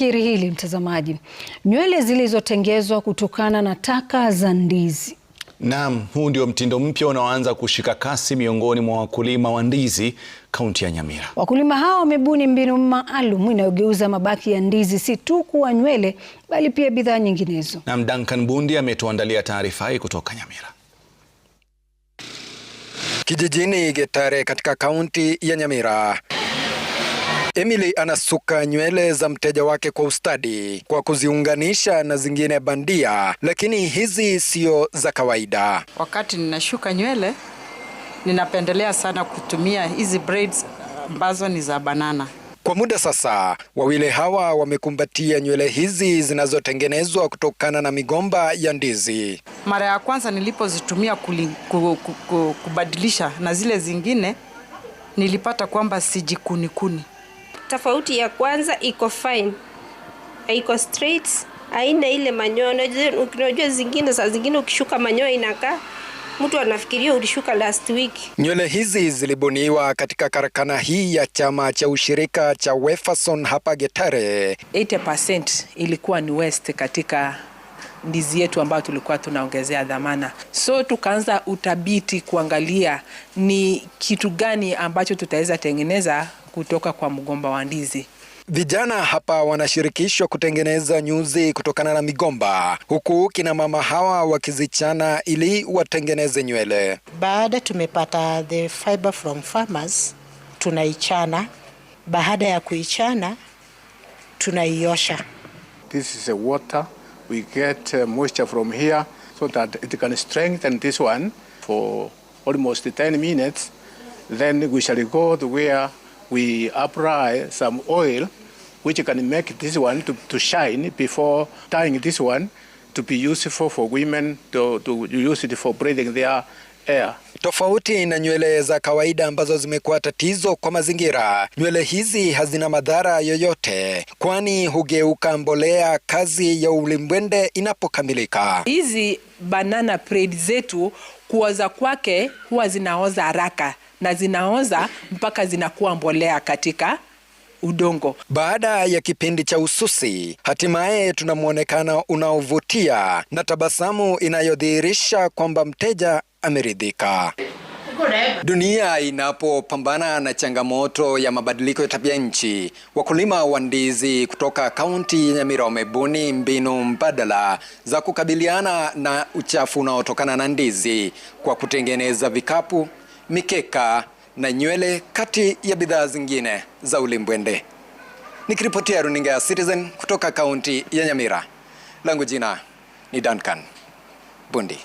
Fikiri hili mtazamaji, nywele zilizotengezwa kutokana na taka za ndizi. Naam, huu ndio mtindo mpya unaoanza kushika kasi miongoni mwa wakulima wa ndizi kaunti ya Nyamira. Wakulima hawa wamebuni mbinu maalum inayogeuza mabaki ya ndizi si tu kuwa nywele bali pia bidhaa nyinginezo. Naam, Duncan Bundi ametuandalia taarifa hii kutoka Nyamira. Kijijini Getare katika kaunti ya Nyamira Emily anasuka nywele za mteja wake kwa ustadi kwa kuziunganisha na zingine bandia, lakini hizi sio za kawaida. Wakati ninashuka nywele, ninapendelea sana kutumia hizi braids uh, ambazo ni za banana. Kwa muda sasa, wawili hawa wamekumbatia nywele hizi zinazotengenezwa kutokana na migomba ya ndizi. Mara ya kwanza nilipozitumia kubadilisha na zile zingine, nilipata kwamba sijikunikuni Tofauti ya kwanza iko fine, iko straight, aina ile manyoya. Unajua zingine, saa zingine ukishuka manyoya inakaa mtu anafikiria ulishuka last week. Nywele hizi zilibuniwa katika karakana hii ya chama cha ushirika cha Weferson hapa Getare. 80% ilikuwa ni waste katika ndizi yetu ambayo tulikuwa tunaongezea dhamana, so tukaanza utabiti kuangalia ni kitu gani ambacho tutaweza tengeneza kutoka kwa mgomba wa ndizi. Vijana hapa wanashirikishwa kutengeneza nyuzi kutokana na migomba, huku kina mama hawa wakizichana ili watengeneze nywele. Baada tumepata the fiber from farmers, tunaichana. Baada ya kuichana, tunaiosha. This is a water we get uh, moisture from here so that it can strengthen this one for almost 10 minutes then we shall go to where we apply some oil which can make this one to, to shine before tying this one to be useful for women to, to use it for breathing their air. Tofauti na nywele za kawaida ambazo zimekuwa tatizo kwa mazingira, nywele hizi hazina madhara yoyote, kwani hugeuka mbolea kazi ya ulimbwende inapokamilika. Hizi banana bread zetu kuoza kwake huwa zinaoza haraka na zinaoza mpaka zinakuwa mbolea katika udongo. Baada ya kipindi cha ususi, hatimaye tuna mwonekano unaovutia na tabasamu inayodhihirisha kwamba mteja ameridhika. Dunia inapopambana na changamoto ya mabadiliko ya tabia nchi, wakulima wa ndizi kutoka kaunti ya Nyamira wamebuni mbinu mbadala za kukabiliana na uchafu unaotokana na ndizi kwa kutengeneza vikapu mikeka na nywele kati ya bidhaa zingine za ulimbwende. Nikiripotia runinga ya Citizen kutoka kaunti ya Nyamira, langu jina ni Duncan Bundi.